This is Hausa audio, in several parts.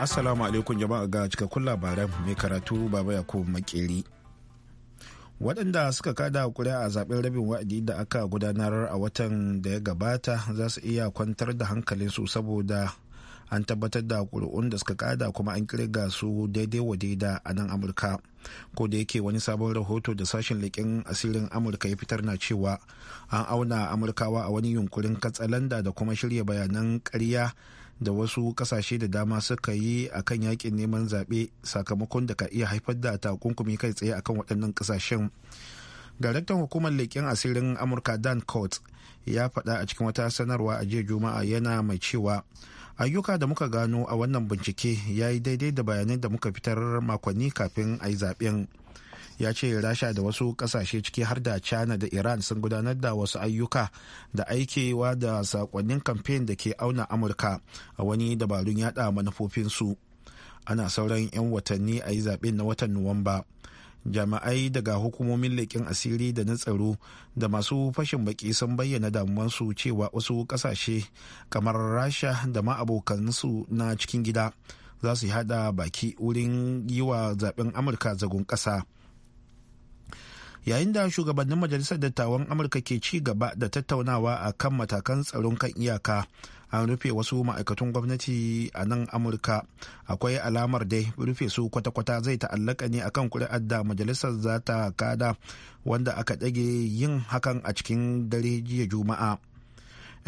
Assalamu alaikum jama'a ga cikakkun labaran mai karatu Baba Yakubu Makeri. Waɗanda suka kada kuri'a a zaɓen rabin wa'adi da aka gudanar a watan da ya gabata za su iya kwantar da hankalinsu saboda an tabbatar da ƙuri'un da suka kada kuma an kirga su daidai wa daida a nan amurka ko da yake wani sabon rahoto da sashen leƙen asirin amurka ya fitar na cewa an auna amurkawa a wani yunkurin katsalanda da kuma shirya bayanan ƙarya da wasu kasashe da dama suka yi a kan yakin neman zaɓe sakamakon da ka iya haifar da takunkumi kai tsaye a kan waɗannan ƙasashen. daraktan hukumar leƙen asirin amurka dan court ya faɗa a cikin wata sanarwa a jiya juma'a yana mai cewa ayyuka da muka gano a wannan bincike ya yi daidai da bayanai da muka fitar makonni kafin a yi zaɓen ya ce rasha da wasu kasashe ciki har da china da iran sun gudanar da wasu ayyuka da aikewa da sakonnin kamfen da ke auna amurka a wani dabarun yada manufofinsu ana sauran 'yan watanni a yi zaɓen na watan nuwamba jami'ai daga hukumomin leƙin asiri da na tsaro da masu fashin baki sun bayyana damuwansu cewa wasu ƙasashe kamar rasha da ma na cikin gida za su hada baki wurin yi wa zaben amurka zagon ƙasa yayin da shugabannin majalisar dattawan amurka ke ci gaba da tattaunawa a kan matakan tsaron kan iyaka an rufe wasu ma'aikatun gwamnati a nan amurka akwai alamar dai rufe su kwata-kwata zai ta'allaka ne akan kuri'ar da majalisar za ta kada wanda aka ɗage yin hakan a cikin dare jiya juma'a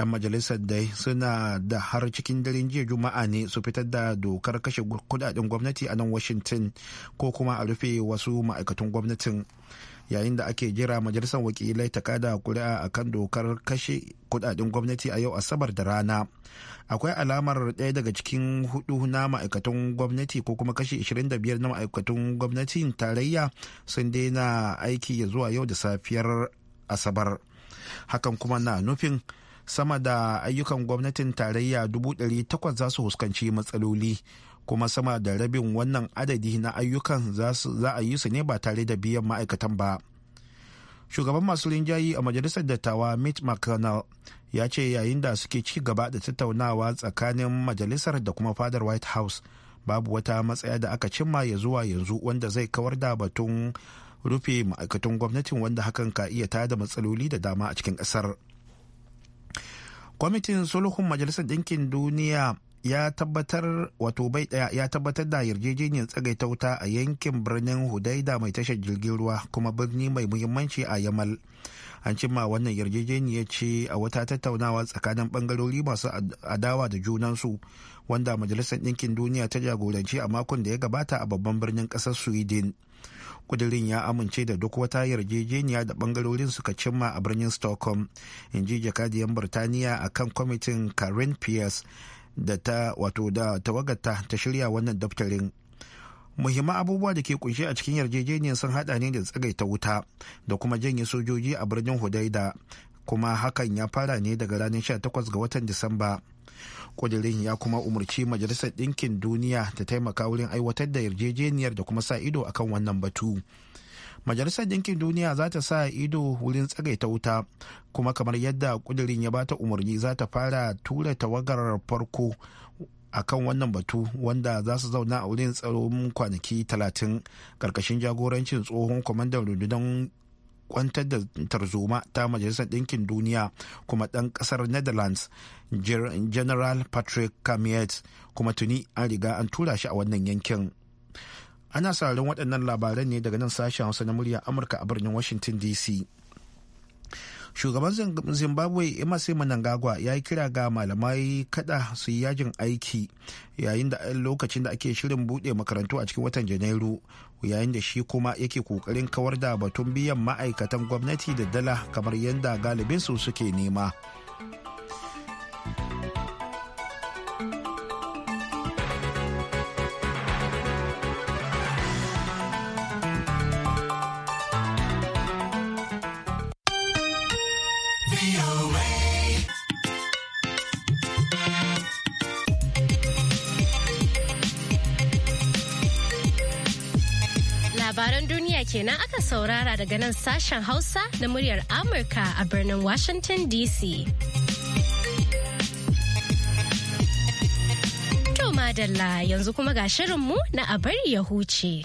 'yan majalisar dai suna da har cikin daren jiya juma'a ne su fitar da dokar kashe kudaden gwamnati a nan washington ko kuma a rufe wasu ma'aikatun gwamnatin yayin da ake jira majalisar wakilai ta kada kuri'a kan dokar kashe kudaden gwamnati a yau asabar da rana akwai alamar ɗaya daga cikin hudu na ma'aikatan gwamnati ko kuma kashe 25 na ma'aikatan gwamnatin tarayya sun daina aiki ya zuwa yau da safiyar asabar hakan kuma na nufin sama da ayyukan gwamnatin tarayya 800 za su huskanci matsaloli kuma sama da rabin wannan adadi na ayyukan za a yi su ne ba tare da biyan ma'aikatan ba shugaban masu rinjayi a majalisar dattawa mitt mcconnell ya ce yayin da suke ci gaba da tattaunawa tsakanin majalisar da kuma fadar white house babu wata matsaya da aka cimma ya zuwa yanzu wanda zai kawar da batun rufe ma'aikatan gwamnatin wanda hakan ka iya tada matsaloli da dama a cikin ƙasar. kwamitin sulhun majalisar ɗinkin duniya ya tabbatar wato bai daya ya tabbatar da yarjejeniyar tsagaita wuta a yankin birnin hudaida mai tashar jirgin ruwa kuma birni mai muhimmanci a yamal an cimma wannan yarjejeniyar ce a wata tattaunawa tsakanin bangarori masu adawa da junansu wanda majalisar ɗinkin duniya ta jagoranci a makon da ya gabata a babban birnin ƙasar sweden kudirin ya amince da duk wata yarjejeniya da bangarorin suka cimma a birnin stockholm in ji jakadiyan birtaniya a kan kwamitin karen pierce da ta wato da tawagarta ta shirya wannan daftarin muhimman abubuwa da ke kunshe a cikin yarjejeniyar sun hada ne da tsagaita wuta da kuma janye sojoji a birnin hudaida kuma hakan ya fara ne daga ranar 18 ga watan disamba kudirin ya kuma umarci majalisar ɗinkin duniya ta taimaka wurin aiwatar da yarjejeniyar da kuma sa ido akan wannan batu majalisar ɗinkin duniya za ta sa ido wurin tsagaita wuta kuma kamar yadda kudirin ya bata umarni za ta fara tura tawagar farko a kan wannan batu wanda za su zauna a wurin tsaron kwanaki talatin karkashin jagorancin tsohon kwamandan rundunar kwantar da tarzoma ta majalisar ɗinkin duniya kuma ɗan ƙasar netherlands general patrick kamiet kuma tuni an riga an tura shi a wannan yankin ana sauraron waɗannan labaran ne daga nan sashen hausa na murya amurka a birnin washington dc shugaban zimbabwe sai manangagwa ya yi kira ga malamai kada su yi yajin aiki yayin da lokacin da ake shirin buɗe makarantu a cikin watan janairu yayin da shi kuma yake kokarin kawar da batun biyan ma'aikatan gwamnati da dala kamar yadda galibinsu suke nema. kenan aka saurara daga nan sashen Hausa na muryar Amurka a birnin Washington DC. To madalla yanzu kuma ga shirinmu na a ya huce.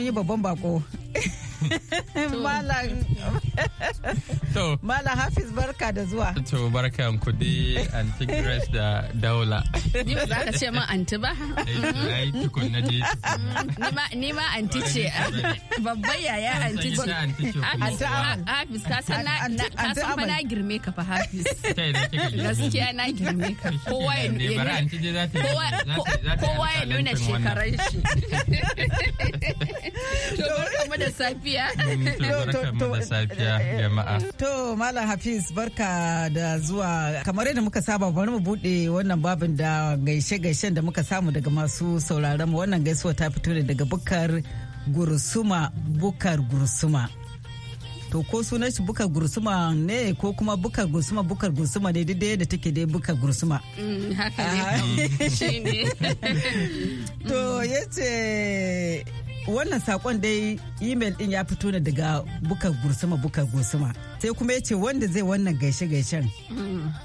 mun yi babban bako. Malam. To. Mala Hafiz barka da zuwa. To barka kudi Anti Grace da Daula. Ni ba za ka ce min anti ba? Ai na dai. Ni ma anti ce. Babban yaya anti ce. Anti Hafiz ka san na na girme ka fa Hafiz. Gaskiya na girme ka. Kowa ya nuna. Kowa ya nuna shekaran shi. To barka mu da safiya. To barka mu da safiya jama'a. To Malam Hafiz barka da zuwa kamar yadda muka saba bari mu bude wannan babin da gaishe-gaishen da muka samu daga masu sauraron mu wannan gaisuwa ta fito ne daga bukar gursuma bukar gursuma. To ko sunan shi bukar gursuma ne ko kuma bukar gursuma bukar gursuma ne daidai da take dai bukar gursuma. Mm, haka ne. Ah. To yace wannan sakon dai email din ya fito ne daga buka gursuma buka gursuma sai kuma ya ce wanda zai wannan gaishe gaishen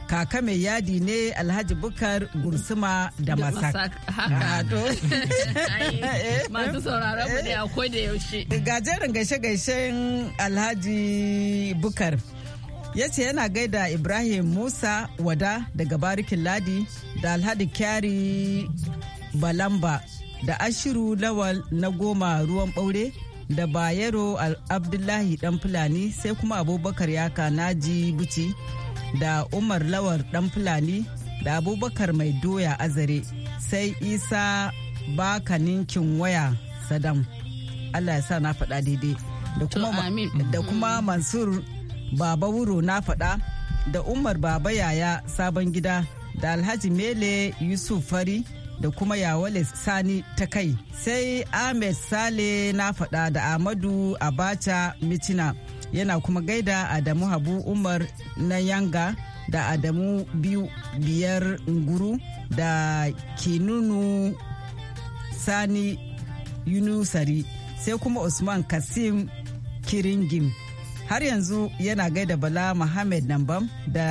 kaka mai yadi ne alhaji bukar gursuma da masak ah. eh. masu sauraron mu ne akwai da yaushe gajeren gaishe gaishen alhaji bukar ya ce yana gaida ibrahim musa wada daga barikin ladi da alhaji kyari balamba da ashiru lawal na goma ruwan ɓaure da bayero abdullahi dan fulani sai kuma abubakar yaka naji buci da umar lawar dan fulani da abubakar mai doya azare sai isa baka ninkin waya sadam allah ya sa na faɗa daidai da kuma, da kuma mm-hmm. mansur baba wuro na faɗa da umar baba yaya sabon gida da alhaji mele yusuf fari da kuma yawale sani ta kai sai ahmed sale na faɗa da amadu abacha mitina yana kuma gaida adamu habu umar na yanga da adamu biyu biyar nguru da kinunu sani yunusari sai kuma usman kasim kiringim har yanzu yana gaida bala muhammad nambam da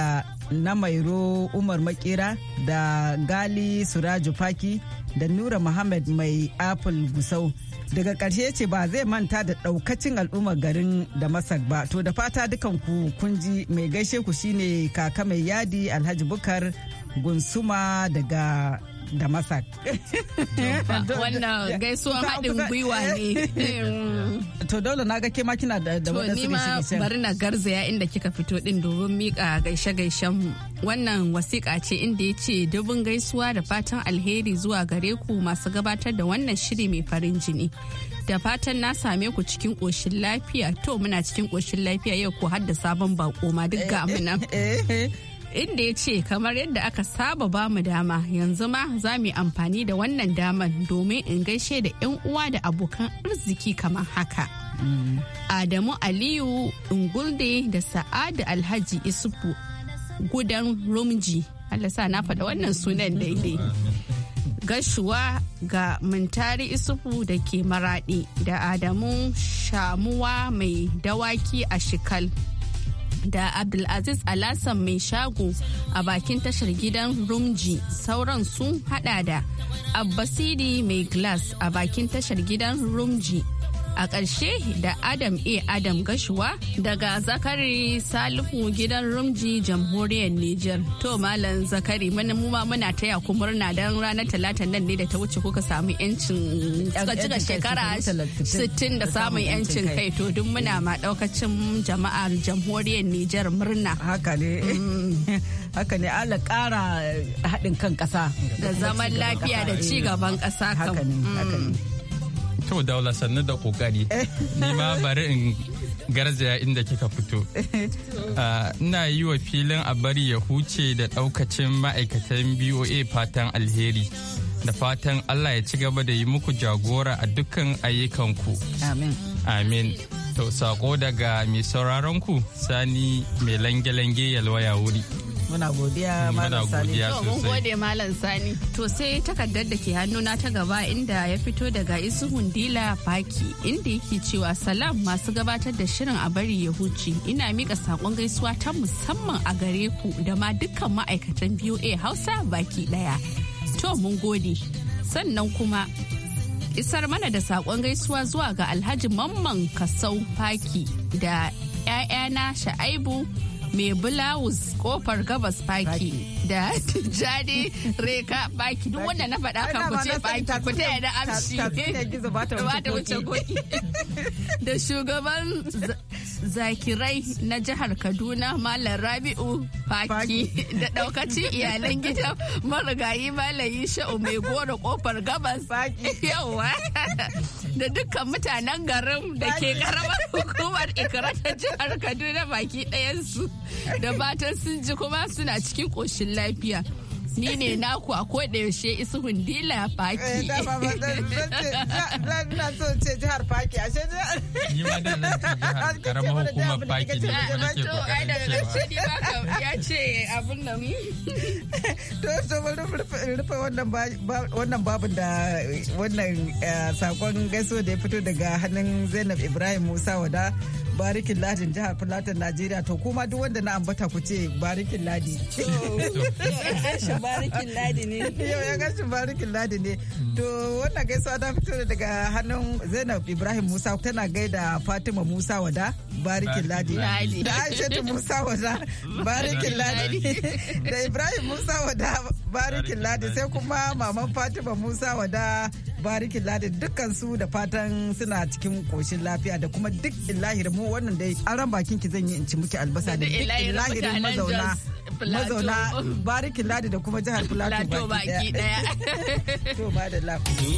na mairo umar makera da gali suraju faki da nura muhammad mai apple gusau daga ƙarshe ce ba zai manta da ɗaukacin al'ummar garin da masar ba to da fata dukan ku kun ji mai gaishe ku shine kaka mai yadi alhaji bukar gunsuma daga da masar wannan gaisuwan haɗin gwiwa ne eh. to dole na ga ke kina da da wani To nima bari na garzaya inda kika fito din domin mika gaishe gaishen wannan wasiƙa ce inda ya ce dubin gaisuwa da fatan alheri zuwa gare ku masu gabatar da wannan shiri mai farin jini da fatan na same ku cikin ƙoshin lafiya to muna cikin ƙoshin lafiya yau ko har da sabon bako ma duk ga amina. inda ya ce kamar yadda aka saba ba mu dama yanzu ma za mu yi amfani da wannan daman domin in gaishe da 'yan uwa da abokan arziki kamar haka. Adamu Aliyu Ingulde da Sa'adu Alhaji Isufu gudan Rumji. Allah sa na faɗa wannan sunan daidai. gashuwa ga mintari isufu da ke maraɗi da adamu shamuwa mai dawaki a shikal da abdulaziz alasan mai shago a bakin tashar gidan rumji sauran sun hada da abbasidi mai glass a bakin tashar gidan rumji a ƙarshe da adam a adam gashuwa daga zakari salihu gidan rumji jamhuriyar niger to malam zakari mana muma muna taya ku murna don ranar talatan nan ne da ta wuce kuka samu yancin suka cika shekara 60 da samun yancin kai to duk muna ma daukacin jama'ar jamhuriyar niger murna haka ne mm. haka ne ala ƙara haɗin kan ƙasa da zaman lafiya da ci gaban ƙasa kan haka ne mm. To daula sannu da kokari. Ni ma bari in garzaya inda kika fito. Ah, ina yi wa filin a bari ya huce da ɗaukacin ma'aikatan BOA fatan alheri. Da fatan Allah ya ci gaba da yi muku jagora a dukkan ayyukanku. Amin. Amin. To sako daga mai sauraronku sani mai lange-lange yalwaya wuri. muna godiya mm, malam sani to mun gode malam sani to sai takardar da ke hannu na ta gaba inda ya fito daga isu dila faki inda yake cewa salam masu gabatar da shirin a bari ya huce ina mika sakon gaisuwa ta musamman a gare ku da ma dukkan ma'aikatan BOA Hausa baki ɗaya to mun gode sannan kuma isar mana da sakon gaisuwa zuwa ga alhaji mamman kasau faki da 'ya'yana sha'aibu mai bulawus kofar gabas faki da jade reka baki duk wanda na faɗa kan ku ce baki ku ta da amshi da shugaban zakirai na jihar kaduna malam rabi'u faki da daukacin iyalan gidan marigayi malayi sha'u mai goro kofar gabas yauwa da dukkan mutanen garin da ke karamar hukumar ikira ta jihar kaduna baki ɗayansu da fatan sun ji kuma suna cikin ƙoshin lafiya ni ne naku a koda yaushe isuhun dila faki eh, na so ce jihar faki ashe jihar karamar hukumar faki ne wani ke kokarin ya ce abun nan to so rufe wannan babin da wannan eh, sakon gaiso da ya fito daga hannun zainab ibrahim musa wada barikin ladin jihar plateau najeriya to kuma duk wanda na ambata ku ce barikin ladi barikin ladi ne yau ya gashin barikin ladi ne hmm. to wannan gaisuwa ta fito daga hannun zainab ibrahim musa tana gaida fatima musa wada barikin ladi da aisha musa wada barikin ladi da ibrahim musa wada barikin ladi sai kuma maman fatima musa wada barikin ladin dukkan su da fatan suna cikin koshin lafiya da kuma duk ilahir mu wannan dai aran bakin ki zan yi in ci muke albasa da duk ilahir mazauna mazauna barikin ladin da kuma jihar plateau baki daya to ba da lafiya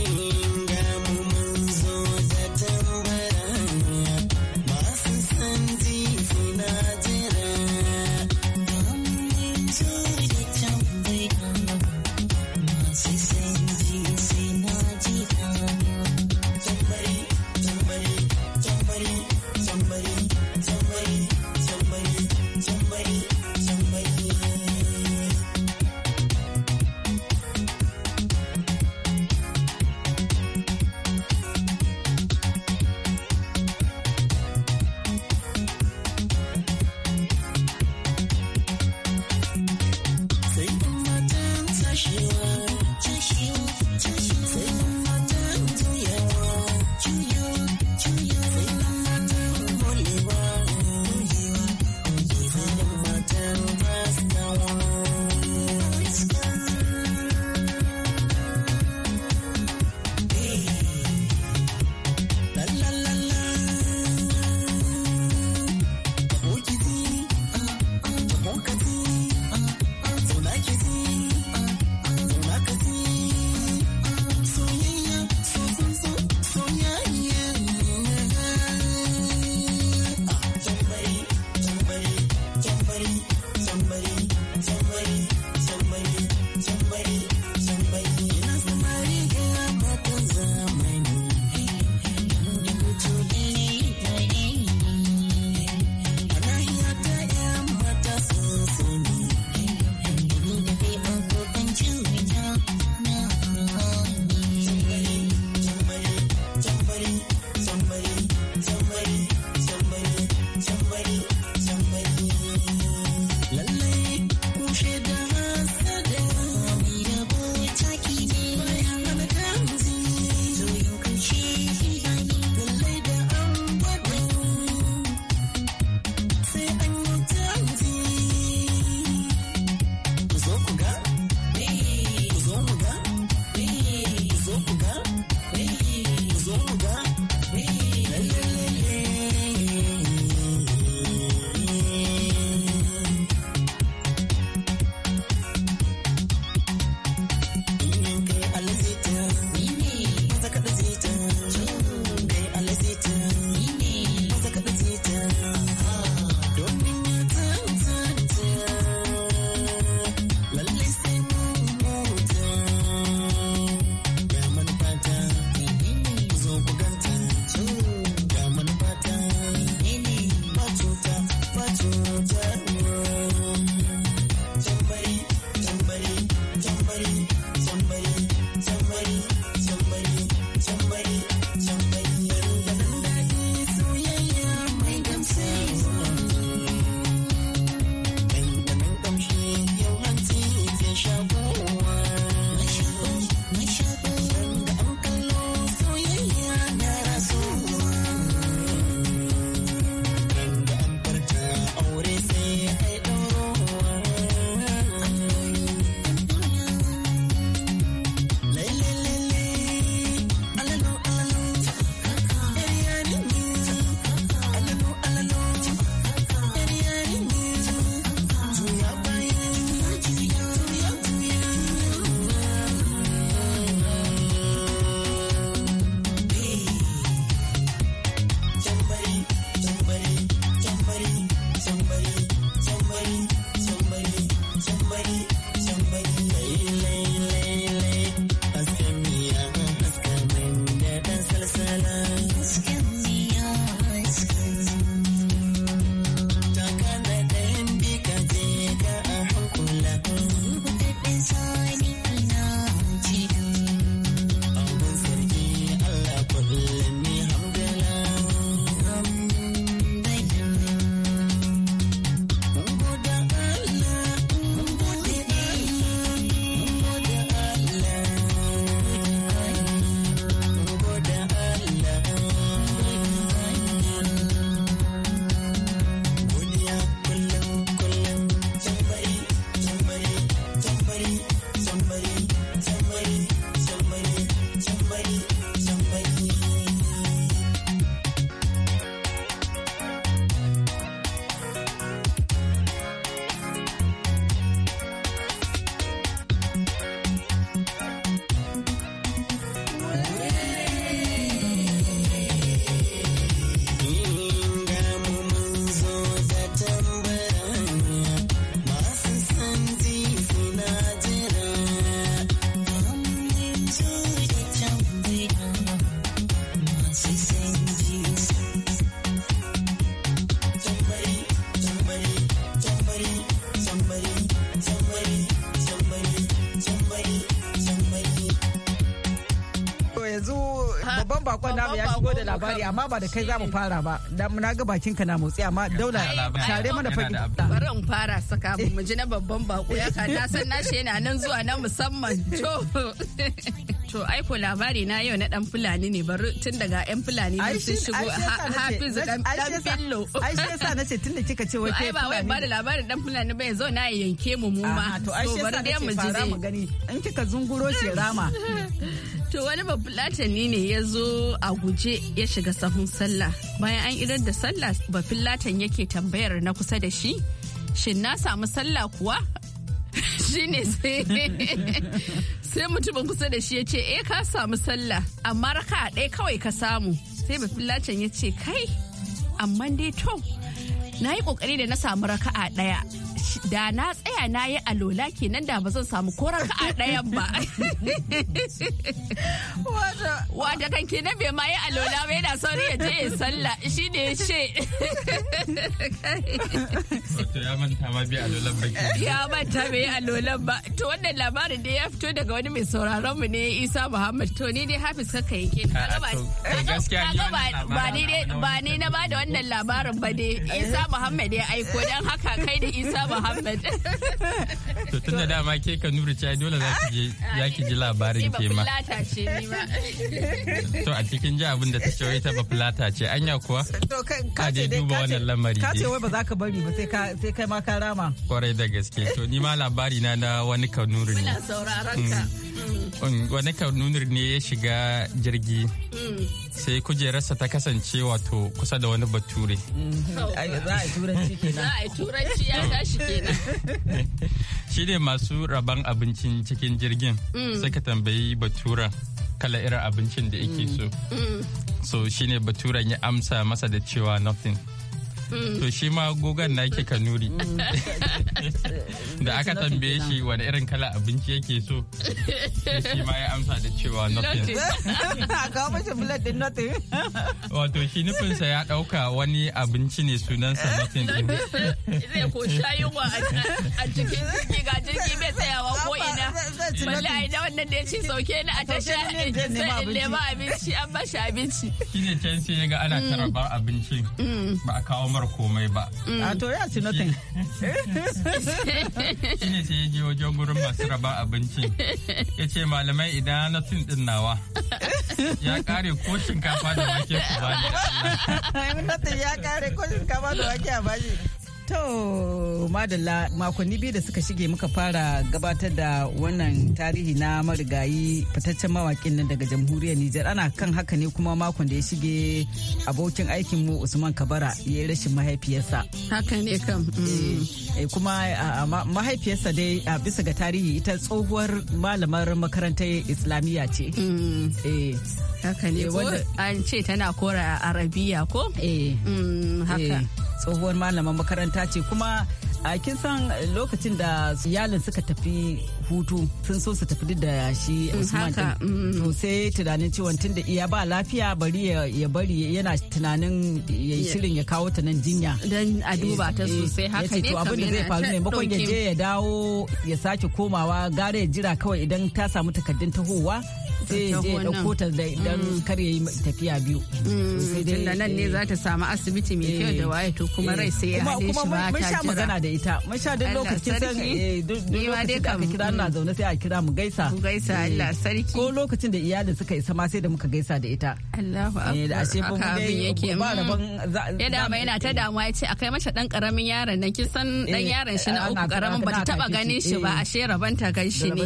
wait. labari amma ba da kai za mu fara ba dan muna ga bakin ka na motsi amma daula tare mana fadi bari in fara saka mu ji na babban bako ya ka na san shi yana nan zuwa na musamman to To aiko labari na yau na dan Fulani ne bari tun daga yan Fulani ne sun shigo Hafiz dan Fillo. Ai shi yasa nace tun da kika ce wai Ai ba wai ba da labarin dan Fulani ba yanzu na yanke mu mu ma. To ai shi yasa nace fara mu gani in kika zunguro shi rama. To wani bafulatani ne ya zo a guje ya shiga sahun sallah. Bayan an idar da sallah bafulatan yake tambayar na kusa da shi. Shin na samu sallah kuwa? shi ne sai mutumin kusa da shi ya ce eh ka samu sallah amma raka ɗaya kawai ka samu sai bafillacin ya ce kai amma dai to na yi kokari da na samu raka'a ɗaya da na tsaya na yi alola kenan da ba zan samu koran ka a ɗayan ba wata kan kenan bai ma yi alola bai da sauri ya je ya sallah shi ne she ya manta ma bai alolan ba ya manta bai yi alolan ba to wannan labarin da ya fito daga wani mai sauraron mu ne Isa Muhammad to ni dai Hafiz kaka yake ba ni ba ni na ba da wannan labarin ba dai Isa Muhammad ya aiko don haka kai da Isa Muhammad. Muhammad. To tunda da dama ke ka nuru cewa dole za ki je ya ki ji labarin ke ma. To a cikin ji abin da ta ce wai ta ba fulata ce anya kuwa. To ka ce dai ka ce Ka ce wai ba za ka bari ba sai ka sai kai ma ka rama. Kwarai da gaske to ni ma labari na na wani kanuri ne. Muna sauraron ka. wani nunir ne ya shiga jirgi sai kujerarsa ta kasance wato kusa da wani bature mm-hmm. za a yi turanci kenan za a yi turanci ya tashi kenan shi ne masu rabon abincin cikin jirgin mm. suka tambayi batura kala irin abincin da yake so mm. Mm. so shi ne baturan ya amsa masa da cewa nothing to shi ma gogon na yake kanuri mm. da aka tambaye shi wani irin kala abinci yake so shi ma ya amsa da cewa nothing kawo mashi bulat din nothing wato shi nufinsa ya dauka wani abinci ne sunansa nothing din zai ko shayin wa a cikin jirgi ga jirgi bai tsayawa ko ina wallahi da wannan da ya ce sauke ni a tasha in nema abinci an ba shi abinci shine can sai ya ga ana mm. tarabar abincin mm. ba a kawo mara komai ba mm. a to ya ci nothing ne sai ya je wajen gurin masu raba abincin ya ce malamai idan na tun din nawa ya kare ko shinkafa da wake ku ba ni ya kare ko shinkafa da wake a bashi To madalla makonni biyu da suka shige muka fara gabatar da wannan tarihi na marigayi fitaccen mawakin nan daga jamhuriyar Nijar ana kan haka ne kuma makon da ya shige abokin aikin mu Usman Kabara ya yi rashin mahaifiyarsa. Haka ne kam. Mm. Eh, eh, kuma mahaifiyarsa dai a bisa ga tarihi ita tsohuwar malamar makarantar Islamiyya ce. Mm. Eh. Haka ne ko an ce tana kora Arabiya ko? Eh. Mm, haka. tsohuwar malaman makaranta ce kuma a kin san lokacin da iyalin suka tafi hutu sun so su tafi duk da shi mm, Usman din mm. to sai tunanin ciwon tun da iya ba lafiya bari ya bari yana tunanin ya shirin ya kawo ta nan jinya dan a eh, duba ta eh, sosai haka ne to abin da zai faru ne bakon ya je ya dawo ya sake komawa gare ya jira kawai idan ta samu takaddun tahowa sai ta dan mm. kar yi tafiya biyu mm. tunda nan ne eh. za samu asibiti mai kyau da eh. waye kuma rai sai ya hade shi ba ta jira mun sha a kira mu gaisa gaisa Allah eh. sarki ko lokacin da iyali suka isa ma sai da muka gaisa da ita Allahu akbar mm. ya da yana ta damuwa yace akai masa dan karamin yaron nan kin dan yaron shi na uku karamin ta taba ganin shi ba ashe rabanta ganshi ne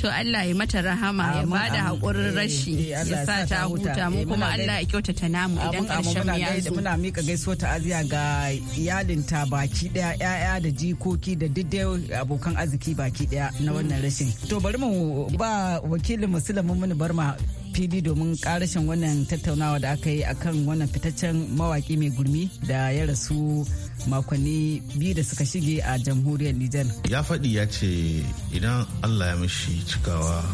to Allah ya mata rahama ya bada da eh, rashi eh, ya sa ta huta mu eh, kuma Allah ya kyautata namu idan karshen ya zo. Muna mika gaisuwa ta'aziya ga ta baki daya ya'ya da jikoki da duk abokan arziki baki daya na wannan rashin. To bari mu ba wakilin musulmin mun ma fili domin karashin wannan tattaunawa da aka yi akan wannan fitaccen mawaki mai gurmi da ya rasu makonni biyu da suka shige a jamhuriyar Nijar. Ya faɗi ya ce idan Allah ya mishi cikawa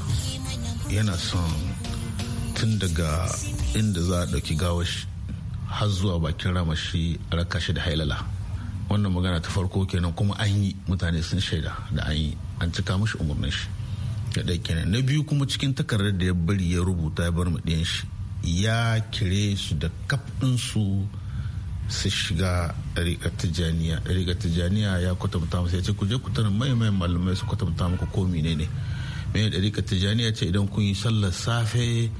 yana son tun daga inda za a ɗauki gawashi har zuwa bakin ramashi a raka shi da hailala wannan magana ta farko kenan kuma an yi mutane sun shaida da an yi an cika mashi umarnin shi ya ɗaya kenan na biyu kuma cikin takardar da ya bari ya rubuta ya bar mu shi ya kire su da kaf ɗinsu su shiga riga Tijaniya ya kwatanta musu ya ce ku je ku tana mai malamai su kwatanta muku ko menene. ne mai ɗarika ya ce idan kun yi sallar safe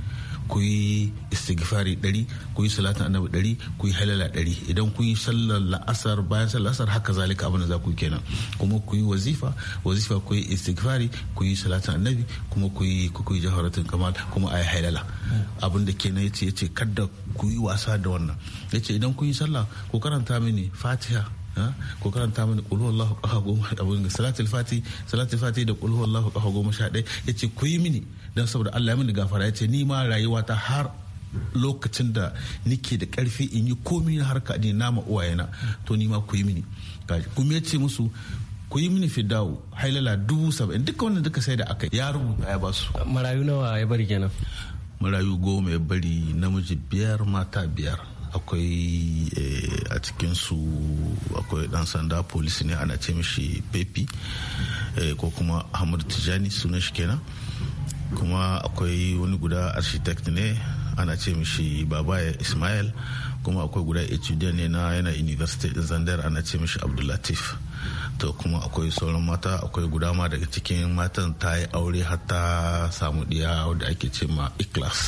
ku yi istighfari ɗari ku yi salatin annabi ɗari ku yi halala ɗari idan kun yi sallar la'asar bayan sallar la'asar haka zalika abin da za ku kenan kuma ku yi wazifa wazifa ku yi istighfari ku yi salatin annabi kuma ku yi ku yi kamal kuma a yi halala abin da kenan yace yace kada ku yi wasa da wannan yace idan kun yi sallah ku karanta mini fatiha ko karanta mana qul huwallahu ahad goma abun ga salatul fati salatul fati da qul huwallahu ahad goma sha ɗaya yace ku yi mini dan saboda Allah ya mini gafara yace ni ma rayuwa ta har lokacin da nike da karfi in yi komi na harka ne ma uwayena to ni ma ku yi mini kuma ya ce musu ku yi mini fidawo hailala dubu saba'in duka wannan duka sai da aka ya rubuta ya basu marayu nawa ya bari kenan marayu goma ya bari namiji biyar mata biyar akwai eh, a su akwai dan sanda polisi ne ana ce mishi pepi eh, ko kuma ahmadu tijani sunan shi kenan kuma akwai wani guda architect ne ana ce mishi ismail kuma akwai guda etudiant ne na yana university din zandar ana ce mishi abdullatif to kuma akwai sauran mata akwai guda ma daga cikin matan ta yi aure har samu diya wadda ake ce ma iklas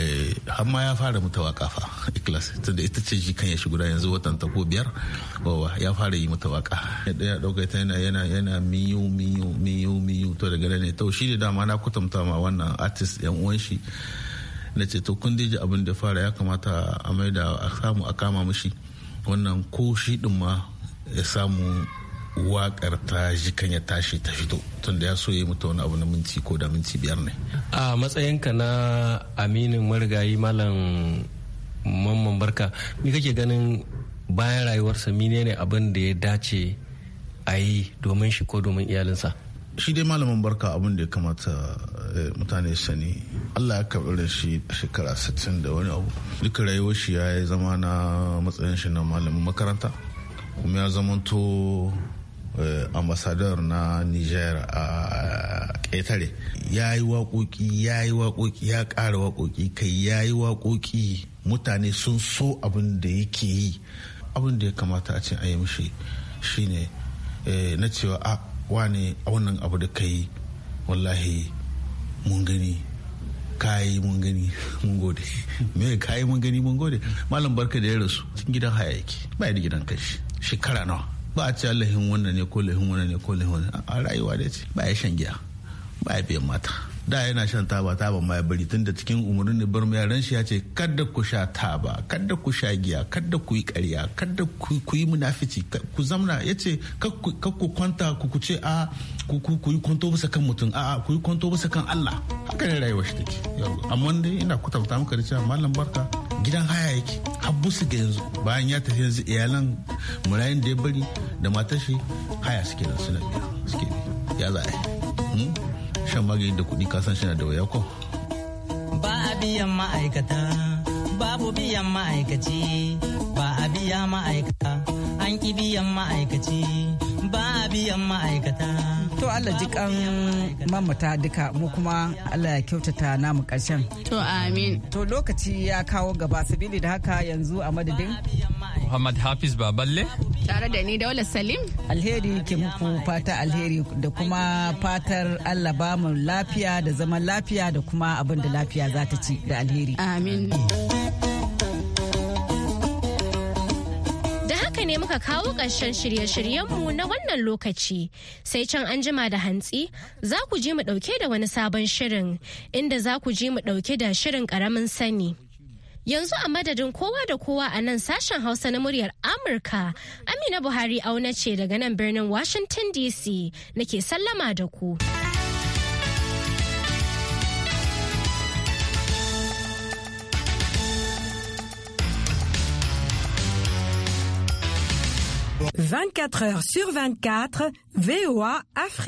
eh, har ma ya fara mata waka fa iklas da ita ce jikan ya shi guda yanzu watan ta ko biyar wawa ya fara yi mata waka ya dauka ta yana yana yana miyu miyu miyu miyu to daga ne to shi da dama na kutumta ma wannan artist yan uwan shi na ce to kun ji abin da fara ya kamata a maida a samu a kama mishi wannan ko shi din ma ya samu wakar ta kan ya tashi ta fito tunda ya so ya mutu wani abu na minti ko da minti biyar ne a matsayinka na aminin marigayi malam mamman barka ni kake ganin bayan rayuwarsa mine ne abin da ya dace a yi domin shi ko domin iyalinsa shi dai malamin barka abin da ya kamata eh, mutane sani allah ya karɓi da shi a shekara 60 da wani abu duka rayuwar shi ya yi zama na matsayin shi na malamin makaranta kuma ya zamanto eh, ambasador na niger a ƙetare ya yi waƙoƙi ya yi waƙoƙi ya ƙara waƙoƙi kai ya yi waƙoƙi mutane sun so abin da yake yi abin da ya kamata a ce a yi mishi shine eh, na cewa a ah, wane a wannan abu da kai wallahi mun gani kayi mun gani mun gode me kayi mun gani mun gode malam barka da ya rasu cikin gidan hayaki bai ba da gidan kashi shekara nawa ba a ce lahin wannan ne ko lahin wannan ne ko lahin wannan a rayuwa da ce ba ya shan giya ba ya biyan mata da yana shan taba taba ma ya bari da cikin umarnin da mu yaran shi ya ce kada ku sha taba kada ku sha giya kada ku yi ƙarya kada ku yi munafici ku zamna ya ce kar ku kwanta ku ce a ku yi kwanto bisa kan mutum a ku yi kwanto bisa kan Allah haka ne rayuwar shi take amma dai ina kutabta maka da cewa malam barka gidan haya yake su ga yanzu bayan ya tafi yanzu iyalan murayin da ya bari da matar shi haya suke nan suna biya suke ya za a yi hmm? shan magani da kuɗi kasan shi na da wuya ko. Ba a biyan ma'aikata, babu biyan ma'aikaci, ba a biya ma'aikata, an ƙi biyan ma'aikaci, ba a biyan ma'aikata. To Allah ji kan mamata duka mu kuma Allah ya kyautata namu ƙarshen. To amin. To lokaci ya kawo gaba sabili da haka yanzu a madadin. Muhammad Hafiz Baballe. Tare da ni Daula Salim. Alheri ke muku fata alheri da kuma fatar Allah ba mu lafiya da zaman lafiya da kuma abin da lafiya za ta ci da alheri. Amin. ne muka kawo ƙarshen shirye-shiryenmu na wannan lokaci sai can an jima da hantsi za ku ji mu ɗauke da wani sabon shirin inda za ku ji mu ɗauke da shirin ƙaramin sani. Yanzu a madadin kowa da kowa a nan sashen Hausa na muryar Amurka, Amina Buhari auna ce daga nan birnin Washington DC nake sallama da ku. Vingt-quatre heures sur vingt-quatre, VOA Afrique.